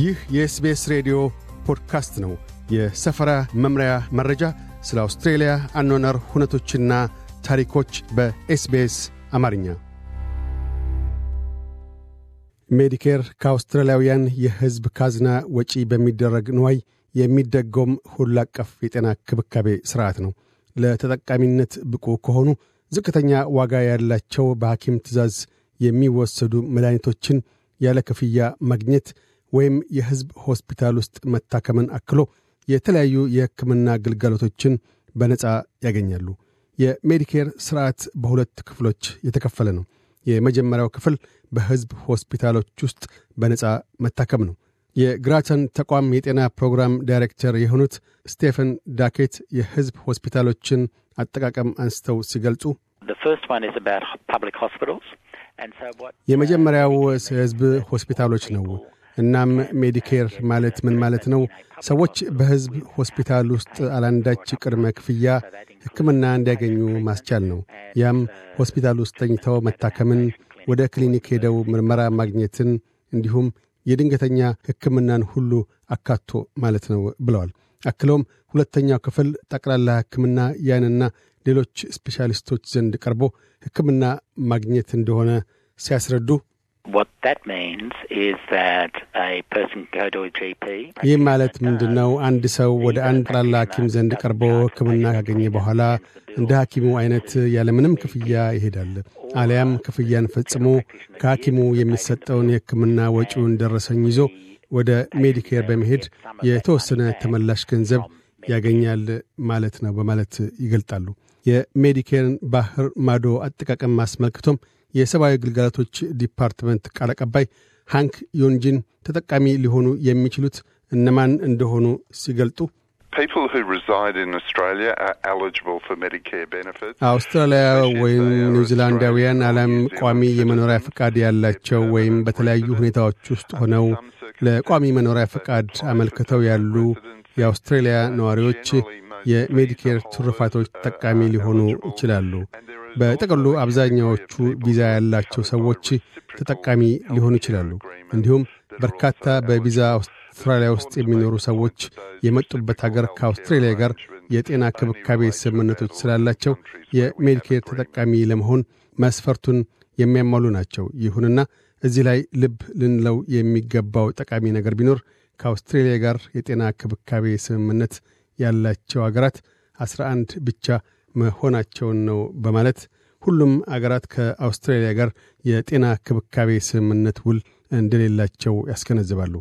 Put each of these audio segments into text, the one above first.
ይህ የኤስቤስ ሬዲዮ ፖድካስት ነው። የሰፈራ መምሪያ መረጃ፣ ስለ አውስትሬልያ አኗኗር ሁነቶችና ታሪኮች በኤስቤስ አማርኛ። ሜዲኬር ከአውስትራሊያውያን የሕዝብ ካዝና ወጪ በሚደረግ ንዋይ የሚደጎም ሁሉ አቀፍ የጤና ክብካቤ ሥርዓት ነው። ለተጠቃሚነት ብቁ ከሆኑ ዝቅተኛ ዋጋ ያላቸው በሐኪም ትእዛዝ የሚወሰዱ መድኃኒቶችን ያለ ክፍያ ማግኘት ወይም የሕዝብ ሆስፒታል ውስጥ መታከምን አክሎ የተለያዩ የሕክምና ግልጋሎቶችን በነፃ ያገኛሉ። የሜዲኬር ሥርዓት በሁለት ክፍሎች የተከፈለ ነው። የመጀመሪያው ክፍል በሕዝብ ሆስፒታሎች ውስጥ በነፃ መታከም ነው። የግራተን ተቋም የጤና ፕሮግራም ዳይሬክተር የሆኑት ስቴፈን ዳኬት የሕዝብ ሆስፒታሎችን አጠቃቀም አንስተው ሲገልጹ የመጀመሪያው ሕዝብ ሆስፒታሎች ነው። እናም ሜዲኬር ማለት ምን ማለት ነው? ሰዎች በሕዝብ ሆስፒታል ውስጥ አላንዳች ቅድመ ክፍያ ሕክምና እንዲያገኙ ማስቻል ነው። ያም ሆስፒታል ውስጥ ተኝተው መታከምን፣ ወደ ክሊኒክ ሄደው ምርመራ ማግኘትን እንዲሁም የድንገተኛ ሕክምናን ሁሉ አካቶ ማለት ነው ብለዋል። አክለውም ሁለተኛው ክፍል ጠቅላላ ሕክምና ያንና ሌሎች ስፔሻሊስቶች ዘንድ ቀርቦ ሕክምና ማግኘት እንደሆነ ሲያስረዱ ይህ ማለት ምንድን ነው? አንድ ሰው ወደ አንድ ጠቅላላ ሐኪም ዘንድ ቀርቦ ሕክምና ካገኘ በኋላ እንደ ሐኪሙ አይነት ያለምንም ክፍያ ይሄዳል። አሊያም ክፍያን ፈጽሞ ከሐኪሙ የሚሰጠውን የሕክምና ወጪውን ደረሰኝ ይዞ ወደ ሜዲኬር በመሄድ የተወሰነ ተመላሽ ገንዘብ ያገኛል ማለት ነው በማለት ይገልጣሉ። የሜዲኬርን ባህር ማዶ አጠቃቀም አስመልክቶም የሰብአዊ ግልጋሎቶች ዲፓርትመንት ቃል አቀባይ ሃንክ ዮንጂን ተጠቃሚ ሊሆኑ የሚችሉት እነማን እንደሆኑ ሲገልጡ አውስትራሊያ ወይም ኒውዚላንዳውያን አለም ቋሚ የመኖሪያ ፈቃድ ያላቸው ወይም በተለያዩ ሁኔታዎች ውስጥ ሆነው ለቋሚ መኖሪያ ፈቃድ አመልክተው ያሉ የአውስትሬልያ ነዋሪዎች የሜዲኬር ትሩፋቶች uh, ተጠቃሚ ሊሆኑ ይችላሉ። በጥቅሉ አብዛኛዎቹ ቪዛ ያላቸው ሰዎች ተጠቃሚ ሊሆኑ ይችላሉ። እንዲሁም በርካታ በቪዛ አውስትራሊያ ውስጥ የሚኖሩ ሰዎች የመጡበት አገር ከአውስትራሊያ ጋር የጤና ክብካቤ ስምምነቶች ስላላቸው የሜዲኬር ተጠቃሚ ለመሆን መስፈርቱን የሚያሟሉ ናቸው። ይሁንና እዚህ ላይ ልብ ልንለው የሚገባው ጠቃሚ ነገር ቢኖር ከአውስትሬልያ ጋር የጤና ክብካቤ ስምምነት ያላቸው አገራት 11 ብቻ መሆናቸውን ነው በማለት ሁሉም አገራት ከአውስትራሊያ ጋር የጤና ክብካቤ ስምምነት ውል እንደሌላቸው ያስገነዝባሉ።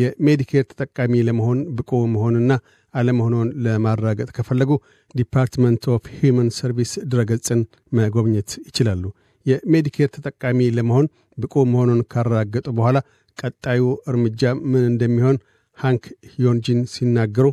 የሜዲኬር ተጠቃሚ ለመሆን ብቁ መሆንና አለመሆኑን ለማራገጥ ከፈለጉ ዲፓርትመንት ኦፍ ሂማን ሰርቪስ ድረገጽን መጎብኘት ይችላሉ። የሜዲኬር ተጠቃሚ ለመሆን ብቁ መሆኑን ካረጋገጡ በኋላ ቀጣዩ እርምጃ ምን እንደሚሆን ሃንክ ዮንጂን ሲናገሩ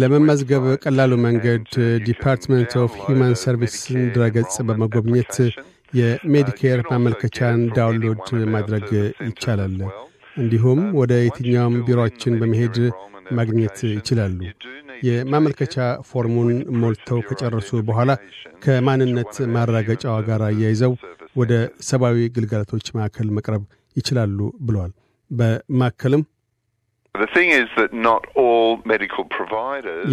ለመመዝገብ ቀላሉ መንገድ ዲፓርትመንት ኦፍ ሂውማን ሰርቪስን ድረገጽ በመጎብኘት uh, የሜዲኬር ማመልከቻን ዳውንሎድ ማድረግ ይቻላል። እንዲሁም uh, ወደ የትኛውም ቢሮችን በመሄድ ማግኘት ይችላሉ። የማመልከቻ ፎርሙን ሞልተው ከጨረሱ በኋላ ከማንነት ማረጋገጫዋ ጋር አያይዘው ወደ ሰብአዊ ግልጋሎቶች ማዕከል መቅረብ ይችላሉ ብለዋል። በማከልም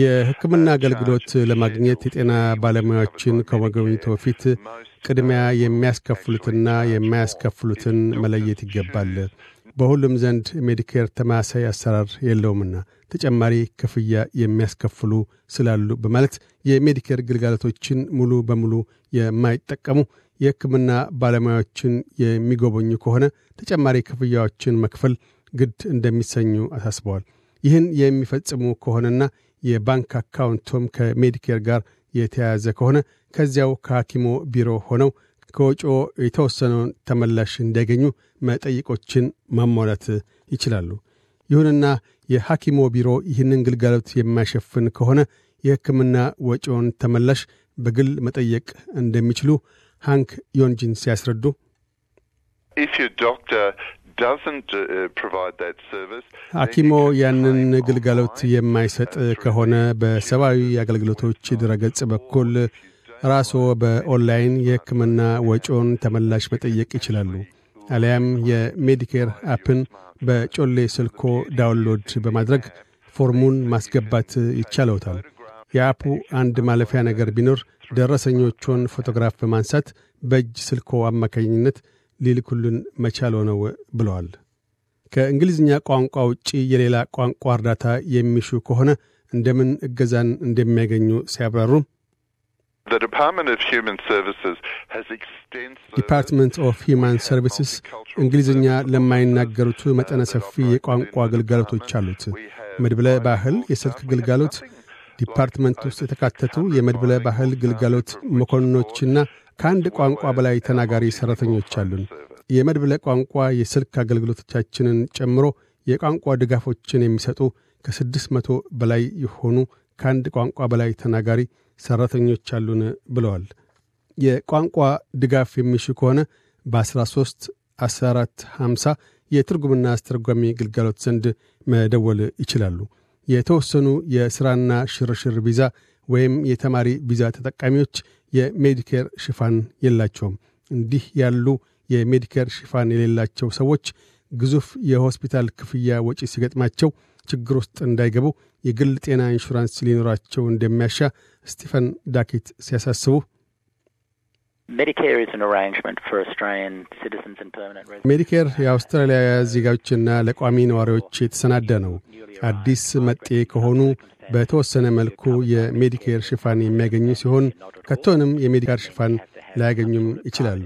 የሕክምና አገልግሎት ለማግኘት የጤና ባለሙያዎችን ከመጎብኘቶ በፊት ቅድሚያ የሚያስከፍሉትና የማያስከፍሉትን መለየት ይገባል። በሁሉም ዘንድ ሜዲኬር ተማሳይ አሰራር የለውምና ተጨማሪ ክፍያ የሚያስከፍሉ ስላሉ በማለት የሜዲኬር ግልጋሎቶችን ሙሉ በሙሉ የማይጠቀሙ የሕክምና ባለሙያዎችን የሚጎበኙ ከሆነ ተጨማሪ ክፍያዎችን መክፈል ግድ እንደሚሰኙ አሳስበዋል። ይህን የሚፈጽሙ ከሆነና የባንክ አካውንቶም ከሜዲኬር ጋር የተያያዘ ከሆነ ከዚያው ከሐኪሞ ቢሮ ሆነው ከወጪ የተወሰነውን ተመላሽ እንዲያገኙ መጠይቆችን ማሟላት ይችላሉ። ይሁንና የሐኪሞ ቢሮ ይህንን ግልጋሎት የማይሸፍን ከሆነ የሕክምና ወጪውን ተመላሽ በግል መጠየቅ እንደሚችሉ ሃንክ ዮንጂን ሲያስረዱ uh, ሐኪሞ ያንን ግልጋሎት የማይሰጥ ከሆነ በሰብአዊ አገልግሎቶች ድረገጽ በኩል ራስዎ በኦንላይን የሕክምና ወጪውን ተመላሽ መጠየቅ ይችላሉ። አሊያም የሜዲኬር አፕን በጮሌ ስልኮ ዳውንሎድ በማድረግ ፎርሙን ማስገባት ይቻለውታል። የአፑ አንድ ማለፊያ ነገር ቢኖር ደረሰኞቹን ፎቶግራፍ በማንሳት በእጅ ስልኮ አማካኝነት ሊልኩልን መቻል ነው ብለዋል። ከእንግሊዝኛ ቋንቋ ውጪ የሌላ ቋንቋ እርዳታ የሚሹ ከሆነ እንደምን እገዛን እንደሚያገኙ ሲያብራሩ ዲፓርትመንት ኦፍ ሂማን ሰርቪስስ እንግሊዝኛ ለማይናገሩት መጠነ ሰፊ የቋንቋ ግልጋሎቶች አሉት። መድብለ ባህል የስልክ ግልጋሎት ዲፓርትመንት ውስጥ የተካተቱ የመድብለ ባህል ግልጋሎት መኮንኖችና ከአንድ ቋንቋ በላይ ተናጋሪ ሠራተኞች አሉን። የመድብለ ቋንቋ የስልክ አገልግሎቶቻችንን ጨምሮ የቋንቋ ድጋፎችን የሚሰጡ ከስድስት መቶ በላይ የሆኑ ከአንድ ቋንቋ በላይ ተናጋሪ ሠራተኞች አሉን ብለዋል። የቋንቋ ድጋፍ የሚሹ ከሆነ በ13 14 50 የትርጉምና አስተርጓሚ ግልጋሎት ዘንድ መደወል ይችላሉ። የተወሰኑ የሥራና ሽርሽር ቪዛ ወይም የተማሪ ቪዛ ተጠቃሚዎች የሜዲኬር ሽፋን የላቸውም። እንዲህ ያሉ የሜዲኬር ሽፋን የሌላቸው ሰዎች ግዙፍ የሆስፒታል ክፍያ ወጪ ሲገጥማቸው ችግር ውስጥ እንዳይገቡ የግል ጤና ኢንሹራንስ ሊኖራቸው እንደሚያሻ ስቲፈን ዳኪት ሲያሳስቡ ሜዲኬር የአውስትራሊያ ዜጋዎችና ለቋሚ ነዋሪዎች የተሰናደ ነው። አዲስ መጤ ከሆኑ በተወሰነ መልኩ የሜዲኬር ሽፋን የሚያገኙ ሲሆን ከቶንም የሜዲካር ሽፋን ላያገኙም ይችላሉ።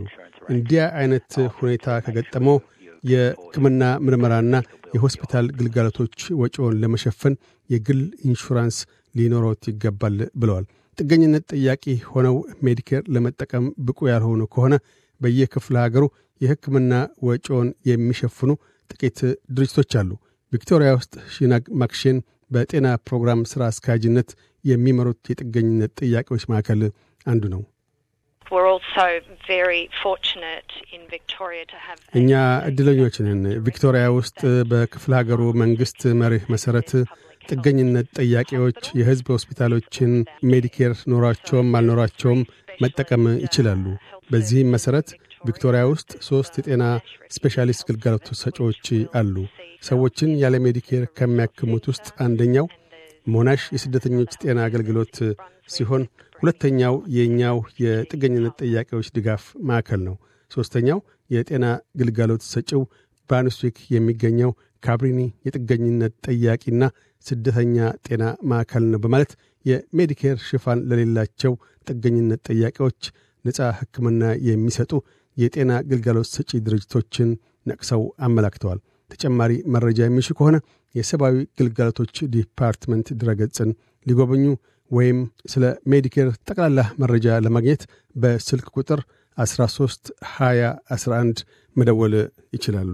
እንዲያ አይነት ሁኔታ ከገጠመው የሕክምና ምርመራና የሆስፒታል ግልጋሎቶች ወጪውን ለመሸፈን የግል ኢንሹራንስ ሊኖረውት ይገባል ብለዋል። ጥገኝነት ጥያቄ ሆነው ሜዲኬር ለመጠቀም ብቁ ያልሆኑ ከሆነ በየክፍለ ሀገሩ የሕክምና ወጪውን የሚሸፍኑ ጥቂት ድርጅቶች አሉ። ቪክቶሪያ ውስጥ ሺናግ ማክሼን በጤና ፕሮግራም ሥራ አስኪያጅነት የሚመሩት የጥገኝነት ጥያቄዎች ማዕከል አንዱ ነው። እኛ ዕድለኞች ነን። ቪክቶሪያ ውስጥ በክፍለ ሀገሩ መንግሥት መርህ መሠረት ጥገኝነት ጠያቂዎች የህዝብ ሆስፒታሎችን ሜዲኬር ኖሯቸውም አልኖሯቸውም መጠቀም ይችላሉ። በዚህም መሠረት ቪክቶሪያ ውስጥ ሦስት የጤና ስፔሻሊስት ግልጋሎት ሰጪዎች አሉ። ሰዎችን ያለ ሜዲኬር ከሚያክሙት ውስጥ አንደኛው ሞናሽ የስደተኞች ጤና አገልግሎት ሲሆን ሁለተኛው የእኛው የጥገኝነት ጠያቂዎች ድጋፍ ማዕከል ነው። ሦስተኛው የጤና ግልጋሎት ሰጪው በአንስዊክ የሚገኘው ካብሪኒ የጥገኝነት ጠያቂና ስደተኛ ጤና ማዕከል ነው በማለት የሜዲኬር ሽፋን ለሌላቸው ጥገኝነት ጠያቂዎች ነፃ ሕክምና የሚሰጡ የጤና ግልጋሎት ሰጪ ድርጅቶችን ነቅሰው አመላክተዋል። ተጨማሪ መረጃ የሚሽ ከሆነ የሰብአዊ ግልጋሎቶች ዲፓርትመንት ድረገጽን ሊጎበኙ ወይም ስለ ሜዲኬር ጠቅላላ መረጃ ለማግኘት በስልክ ቁጥር 13 20 11 መደወል ይችላሉ።